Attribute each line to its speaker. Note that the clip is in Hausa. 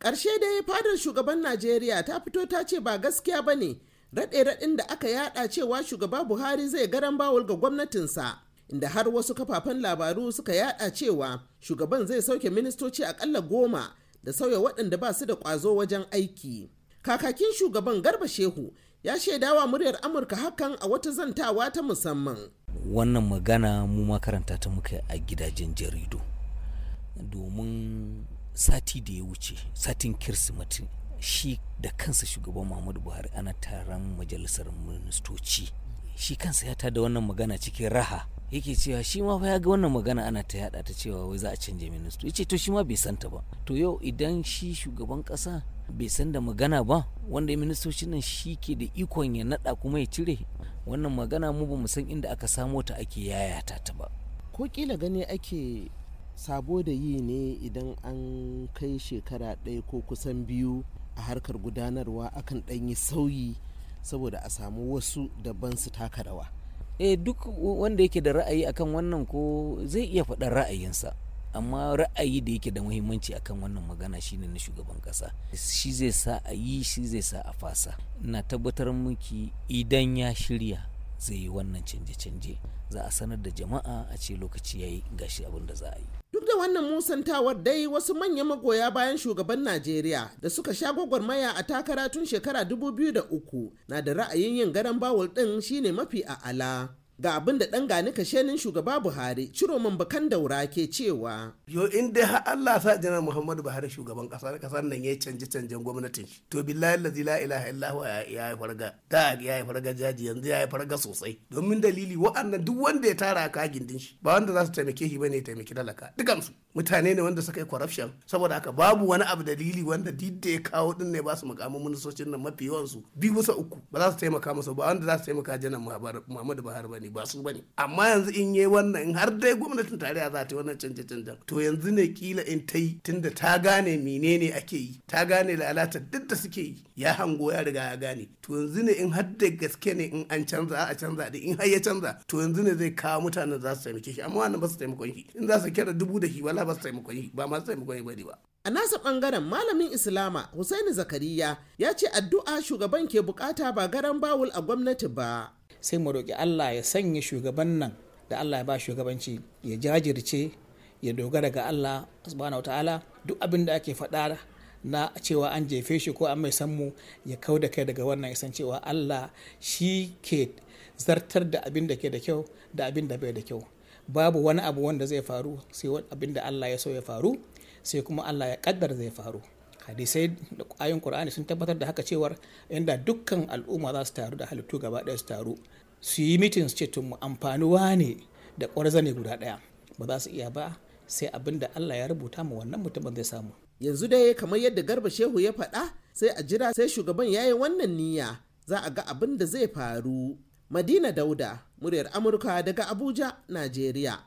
Speaker 1: ƙarshe dai fadar shugaban najeriya ta fito ta ce ba gaskiya ba ne raɗe-raɗin da aka yada cewa shugaba buhari zai garan bawul ga gwamnatinsa inda har wasu kafafen labaru suka yada cewa shugaban zai sauke ministoci akalla goma da sauya waɗanda ba su da ƙwazo wajen aiki kakakin shugaban garba shehu ya shaidawa muryar amurka hakan a wata zantawa ta musamman
Speaker 2: wannan magana mu makaranta ta muka a gidajen jaridu domin sati da ya wuce satin kirsimati shi da kansa shugaban muhammadu buhari ana taron majalisar ministoci shi kansa ya tada wannan magana cikin raha yake cewa shi ma fa ya ga wannan magana ana ta yada ta cewa wai za a canje minista yace to shi ma bai santa ba to yau idan shi shugaban kasa bai san da magana ba wanda ministocin nan shi ke da ikon ya nada kuma ya cire wannan magana mu ba mu san inda aka samo ta ake yayata ta ba
Speaker 1: ko kila gani ake sabo da yi ne idan an kai shekara ɗaya ko kusan biyu a harkar gudanarwa akan ɗan yi
Speaker 2: sauyi saboda a samu wasu daban su taka rawa eh duk wanda yake da ra'ayi akan wannan ko zai iya faɗar ra'ayinsa amma ra'ayi da yake da muhimmanci akan wannan magana shine na shugaban kasa shi zai sa a yi shi zai sa a fasa na tabbatar miki idan ya shirya zai yi wannan canje-canje za a sanar da jama'a a ce lokaci ya yi gashi abin da za a yi
Speaker 1: da wannan musantawar dai wasu manyan magoya bayan shugaban Najeriya da suka sha gwagwarmaya a takara tun shekara 2003 na da ra'ayin yin garan bawul ɗin shine mafi a'ala. ga abin da ɗan gani
Speaker 3: kashenin shugaba buhari ciro ciroman bakan daura ke cewa yo in dai har allah sa janar muhammadu buhari shugaban ƙasa kasar ƙasar nan ya canje canjen gwamnatin shi to billahi lazi la ilaha illahu ya yi farga da ya yi farga jaji yanzu ya yi farga sosai domin dalili wa'annan duk wanda ya tara ka gindin shi ba wanda za su taimake shi bane ya taimaki talaka dukansu mutane ne wanda suka yi corruption saboda haka babu wani abu dalili wanda duk da ya kawo din ne ba su mukamin ministocin nan mafi yawansu biyu bisa uku ba za su taimaka masa ba wanda za su taimaka janar muhammadu buhari ne hankali ba su ne amma yanzu in yi wannan in har dai gwamnatin tarayya za ta yi wannan canje canjen to yanzu ne kila in ta yi tunda ta gane menene ake yi ta gane lalata duk da suke yi ya hango ya riga ya gane to yanzu ne in har da gaske ne in an canza a canza da in har ya canza to yanzu ne zai kawo mutanen za su taimake shi amma wannan ba su taimakon shi in za su kira dubu da shi wala ba su taimakon shi ba ma su taimakon
Speaker 2: shi ba
Speaker 1: A nasa bangaren malamin Islama husaini Zakariya ya ce addu'a shugaban ke bukata ba garan bawul a gwamnati ba. sai mu roƙi Allah ya sanya shugaban nan
Speaker 4: da Allah ya ba shugabanci ya jajirce ya dogara ga Allah subhanahu ta'ala duk abin da ake faɗa na cewa an jefe shi ko an mai mu ya kau da kai daga wannan isan cewa Allah shi ke zartar da abin da ke da kyau da abin da bai da kyau babu wani abu wanda zai faru sai abin da Allah ya so ya faru sai kuma Allah ya kaddar zai faru hadisai da ayin qur'ani sun tabbatar da haka cewar inda dukkan al'umma za su taru da halittu gaba ɗaya su taru su yi mitin su ce tun mu amfanuwa ne da ƙwarza ne guda ɗaya ba za su iya ba sai abin da Allah ya rubuta mu wannan mutumin
Speaker 1: zai samu yanzu dai kamar yadda garba shehu ya faɗa sai a jira sai shugaban ya yi wannan niyya za a ga abin da zai faru madina dauda muryar amurka daga abuja najeriya